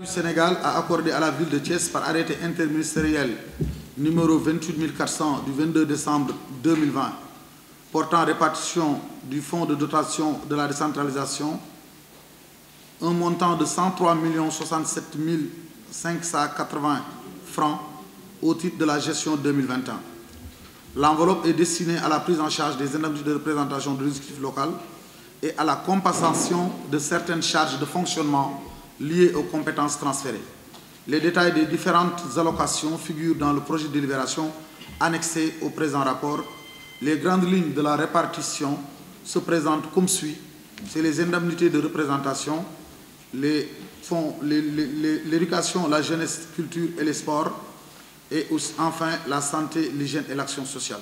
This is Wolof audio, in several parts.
Le Sénégal a accordé à la ville de Thiès par arrêté interministériel numéro 28400 du 22 décembre 2020 portant répartition du fonds de dotation de la décentralisation un montant de 103 67 580 francs au titre de la gestion 2021. L'enveloppe est destinée à la prise en charge des indemnités de représentation de l'exécutif local et à la compensation de certaines charges de fonctionnement liées aux compétences transférées. Les détails des différentes allocations figurent dans le projet de délibération annexé au présent rapport. Les grandes lignes de la répartition se présentent comme suit. C'est les indemnités de représentation, l'éducation, la jeunesse, la culture et les sports, et enfin la santé, l'hygiène et l'action sociale.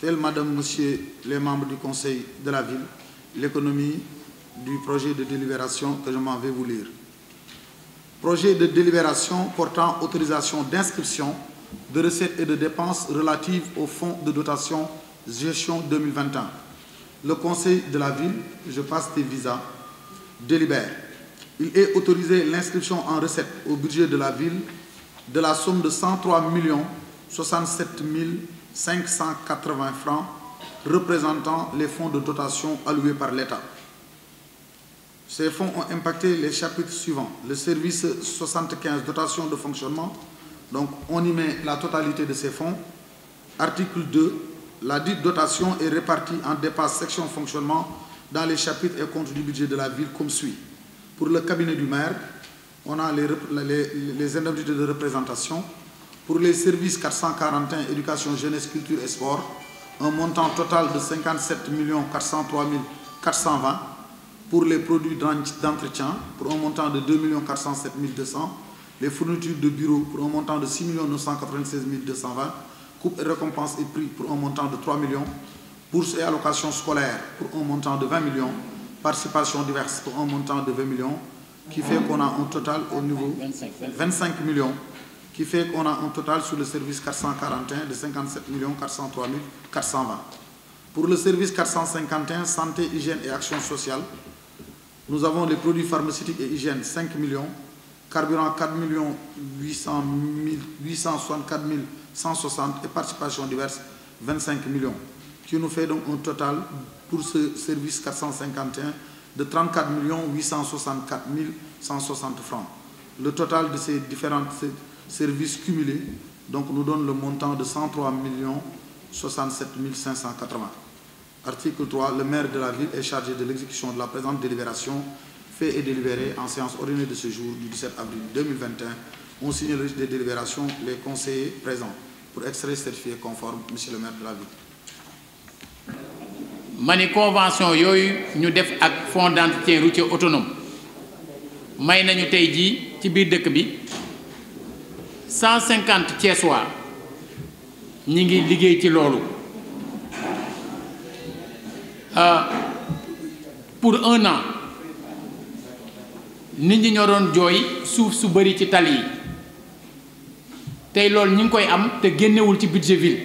Tels, Madame, Monsieur, les membres du Conseil de la Ville, l'économie du projet de délibération que je m'en vais vous lire projet de délibération portant autorisation d'inscription de recettes et de dépenses relatives au fonds de dotation gestion 2021. Le conseil de la ville, je passe des visas, délibère. Il est autorisé l'inscription en recettes au budget de la ville de la somme de 103 millions 580 francs représentant les fonds de dotation alloués par l'État. Ces fonds ont impacté les chapitres suivants. Le service 75, dotation de fonctionnement. Donc, on y met la totalité de ces fonds. Article 2, la dite dotation est répartie en dépasse section fonctionnement dans les chapitres et comptes du budget de la ville comme suit. Pour le cabinet du maire, on a les, les indemnités de représentation. Pour les services 441, éducation, jeunesse, culture et sport, un montant total de 57 403 420 pour les produits d'entretien pour un montant de 2 407 200, les fournitures de bureaux pour un montant de 6 996 220, coupes et récompenses et prix pour un montant de 3 millions, bourses et allocations scolaires pour un montant de 20 millions, Participation diverses pour un montant de 20 millions, qui fait qu'on a un total au niveau 25 millions, qui fait qu'on a un total sur le service 441 de 57 403 420. Pour le service 451, santé, hygiène et action sociale, nous avons les produits pharmaceutiques et hygiène, 5 millions. Carburant, 4 864 160 et participation diverse, 25 millions. Qui nous fait donc un total pour ce service 451 de 34 864 160 francs. Le total de ces différents services cumulés donc, nous donne le montant de 103 millions 67 580. Article 3. Le maire de la ville est chargé de l'exécution de la présente délibération fait et délibéré en séance ordinaire de ce jour du 17 avril 2021 on signe le registre des délibérations les conseillers présents pour extraire certifier conforme monsieur le maire de la ville. Mani convention ñu def ak fonds d'entretien routier autonome may 150 ñi ngi Euh, pour un an nit ñi ñoo doon jooy suuf su bëri ci tali yi tey loolu ñu ngi koy am te génnewul ci budget ville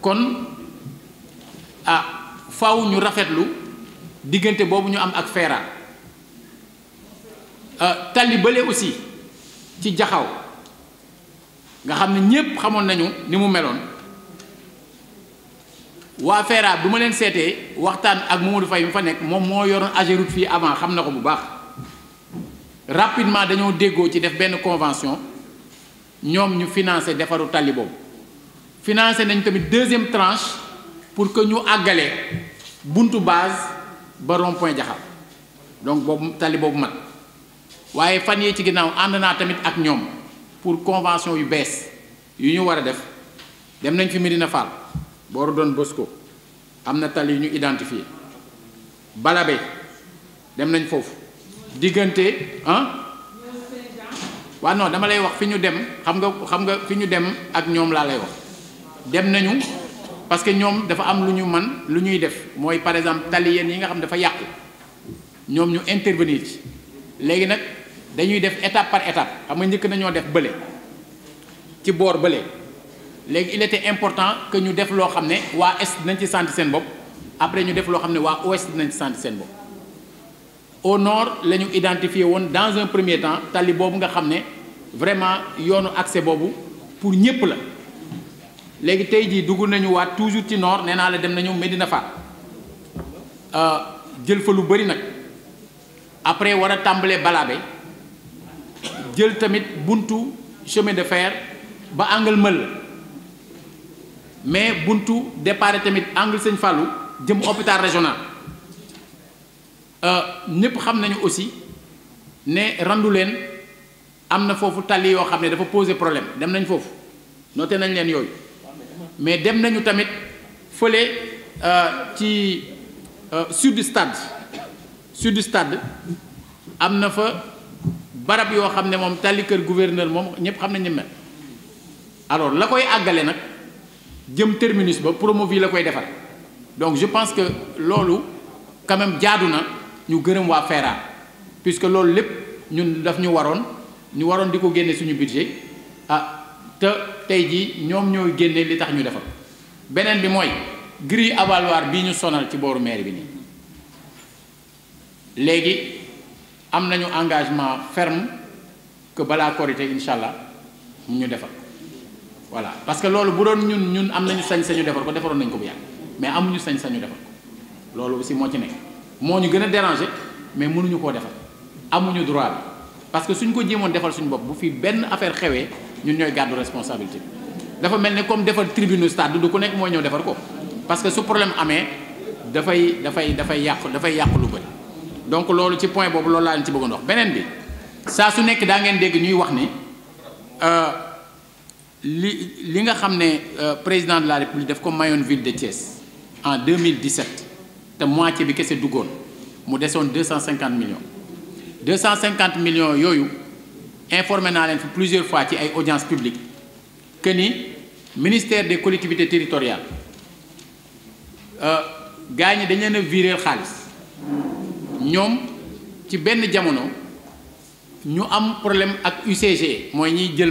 kon ah faaw ñu rafetlu diggante boobu ñu am ak feera euh, tali bële aussi ci jaxaw nga xam ne ñépp xamoon nañu ni mu meloon wa FERA bu len sété seetee waxtaan ak Mamadou Faye fa nek mom mo yoron Ageroute fi avant xamna ko bu baax rapidement dañoo déggoo ci def ben convention ñom ñu financer défaru tali boobu financé nañ tamit deuxième tranche pour que ñu agalé buntu base ba rond-point jaxal donc boobu tali boobu mat waye fan yee ci ginnaaw ànd tamit ak ñom pour convention yu bees yu ñu wara def dem nañ fi Medina Fall Bordone Bosco am na tali identifié Balabe dem nañ fofu. diggante ah hein? Wa non dama lay wax fi ñu dem xam nga xam nga fi dem ak ñom la lay wax dem nañu parce que ñom dafa am lu ñu man lu ñuy def Moy par exemple tali yéen yi nga xam dafa yaq. Ñom ñu intervenir ci léegi dañuy def étape par étape xam nga ñëk nañoo def beulé. ci bor beulé il était important que nous développions le Ouest de de l'Antisandisenbop. Après, nous développions le Ouest de l'Antisandisenbop. Au nord, nous avons identifié dans un premier temps les talibans ont vraiment accès pour les pour nous. gens qui ont toujours été nord, nous avons dit que nous avons fait des choses. Après, nous avons dans tambalé Balabé. Nous avons fait des buntu, chemin de fer, et nous avons fait des angles mais buntu départ tamit angle seigne Fallou hôpital régional Nous euh, xam aussi ne randu len am fofu tali yo xamné dafa poser problème dem nañ fofu mais dem nañu euh, euh, sud du stade sud du stade am fa barab yo xamné ne tali gouverneur mom ñep xam nañ mel alors la koy jëm terminus ba promovie la koy defal donc je pense que loolu quand même jaaduna ñu gërëm waa FERA puisque loolu lépp ñun daf ñu waroon ñu waroon di ko génne suñu budget ah te tey jii ñoom ñooy génne li tax ñu defal beneen bi mooy grille avaloir bii ñu sonal ci booru maire bi nii léegi am nañu engagement ferme que balaa Korité inshallah allah mu ñu defar voilà parce que loolu bu doon ñun ñun am nañu sañ-sañu defar ko defaroon nañ ko bu yàgg mais amuñu sañ-sañu defar ko loolu aussi moo ci nekk moo ñu gën a déranger mais mënuñu koo amuñu droit parce que suñ ko jéemoon defal suñ bopp bu fi benn affaire xewee ñun ñooy gàddu responsabilité dafa mel comme defar tribune stade du ku nekk mooy ñëw defar ko parce que su problème amee dafay dafay dafay yàq dafay lu donc loolu ci point boobu loolu laa leen ci bëggoon wax beneen bi saa su nekk daa ngeen dégg ñuy wax euh, li nga xamné euh, président de la république a ko mayone ville de Thiès en 2017 la moitié bi kese Il mu fait 250 millions 250 millions yooyu informé na plusieurs fois ci ay audience publique que ni ministère des collectivités territoriales euh gañi dañ leen a xaliss ñom ci benn jamono ñu am problème ak UCG e, moy ñi jël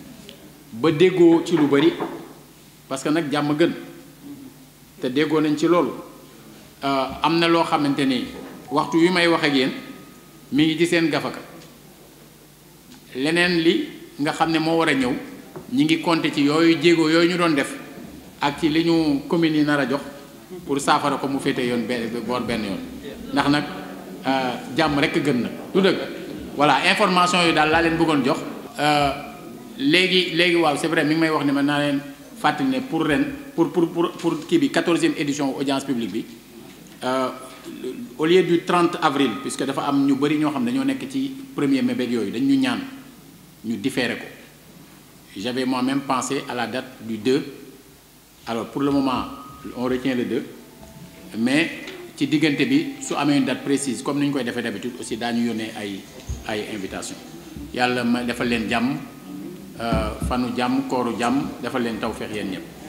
ba déggoo ci lu bari parce que nag jàmm gën te déggoo nañ ci loolu euh, am na loo xamante ni waxtu yu may wax ak yéen mi ngi ci seen gafaka leneen li nga xam ne moo war a ñëw ñi ngi compter ci yooyu jéego yooyu ñu doon def ak ci li ñu communes yi nar a jox pour saafara ko mu féete yoon benn boor benn yoon ndax nag euh, jàmm rekk gën na du dëgg voilà information yu daal laa leen bëggoon jox euh, léegi légui, c'est vrai mi ngi may wax pour la pour pour pour pour l'audience édition audience publique euh, au lieu du 30 avril puisque dafa am ñu bëri ñoo xam ne dañoo ci premier mai Nous avons dañ ñaan ñu différer j'avais moi-même pensé à la date du 2 alors pour le moment on retient le 2 mais ci diggante bi su une date précise comme nous avons koy d'habitude aussi nous avons ay ay invitation y ma le, leen Euh, fanu jàmm kooru jàmm defal leen tawféex yéen ñëpp.